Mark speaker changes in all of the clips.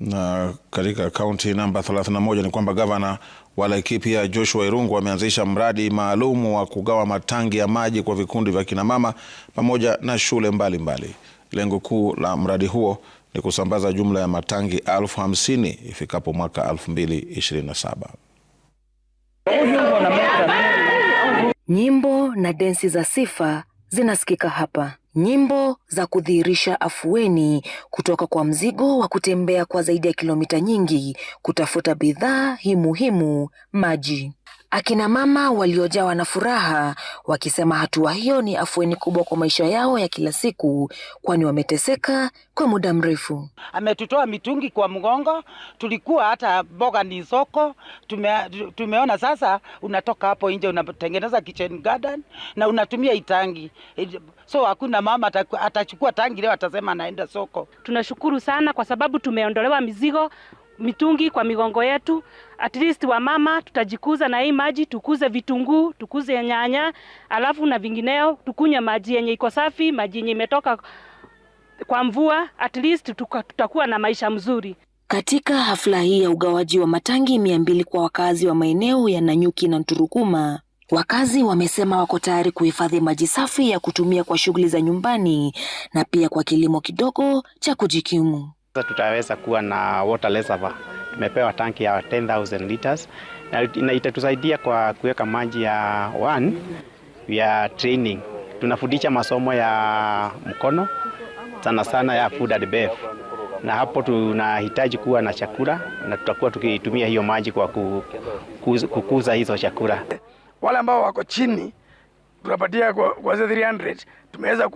Speaker 1: Na katika kaunti namba 31 ni kwamba gavana wa Laikipia Joshua Irungu ameanzisha mradi maalum wa kugawa matangi ya maji kwa vikundi vya kinamama pamoja na shule mbalimbali. Lengo kuu la mradi huo ni kusambaza jumla ya matangi elfu hamsini ifikapo mwaka 2027.
Speaker 2: Nyimbo na densi za sifa zinasikika hapa. Nyimbo za kudhihirisha afueni kutoka kwa mzigo wa kutembea kwa zaidi ya kilomita nyingi kutafuta bidhaa hii muhimu, maji. Akina mama waliojawa na furaha wakisema hatua hiyo ni afueni kubwa kwa maisha yao ya kila siku, kwani wameteseka kwa muda mrefu.
Speaker 3: Ametutoa mitungi kwa mgongo, tulikuwa hata mboga ni soko tume, tumeona sasa unatoka hapo nje unatengeneza kitchen garden na unatumia itangi, so hakuna mama atachukua tangi leo atasema anaenda soko.
Speaker 4: Tunashukuru sana kwa sababu tumeondolewa mizigo mitungi kwa migongo yetu. At least mama tutajikuza na hii maji, tukuze vitunguu, tukuze nyanya, alafu na vingineo, tukunywe maji yenye iko safi, maji yenye imetoka kwa mvua. At least tutakuwa na maisha mzuri.
Speaker 2: Katika hafla hii ya ugawaji wa matangi mia mbili kwa wakazi wa maeneo ya Nanyuki na Nturukuma, wakazi wamesema wako tayari kuhifadhi maji safi ya kutumia kwa shughuli za nyumbani na pia kwa kilimo kidogo cha kujikimu.
Speaker 5: Sasa tutaweza kuwa na water reservoir. Tumepewa tanki ya 10000 liters na itatusaidia kwa kuweka maji ya one ya training. Tunafundisha masomo ya mkono sana sana ya food and na hapo tunahitaji kuwa na chakula na tutakuwa tukitumia hiyo maji kwa kukuza hizo chakula.
Speaker 6: Wale ambao wako chini tunapatia kwa 300 tumeweza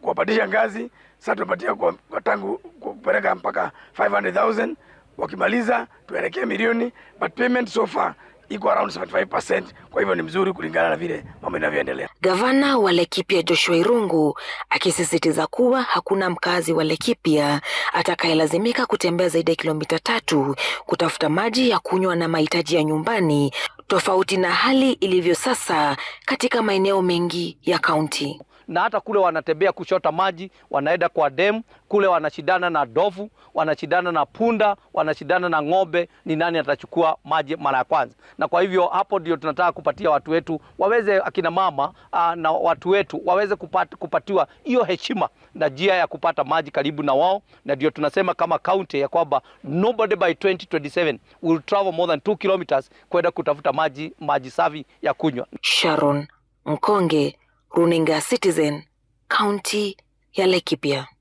Speaker 6: kuwapatisha ngazi sasa tunapatia kwa, kwa tangu kupeleka mpaka 500,000 wakimaliza tuelekee milioni, but payment so far iko around 75%. Kwa hivyo ni mzuri kulingana na vile mambo inavyoendelea.
Speaker 2: Gavana wa Laikipia Joshua Irungu akisisitiza kuwa hakuna mkazi wa Laikipia atakayelazimika kutembea zaidi ya kilomita tatu kutafuta maji ya kunywa na mahitaji ya nyumbani, tofauti na hali ilivyo sasa katika maeneo mengi ya kaunti
Speaker 7: na hata kule wanatembea kushota maji, wanaenda kwa demu kule, wanashindana na dovu, wanashindana na punda, wanashindana na ng'ombe, ni nani atachukua maji mara ya kwanza. Na kwa hivyo hapo ndio tunataka kupatia watu wetu waweze, akina mama aa, ah, na watu wetu waweze kupati, kupatiwa hiyo heshima na njia ya kupata maji karibu na wao, na ndio tunasema kama kaunti ya kwamba nobody by 2027 will travel more than 2 kilometers kwenda kutafuta maji maji safi ya kunywa.
Speaker 2: Sharon Mkonge runinga Citizen, kaunti ya Laikipia.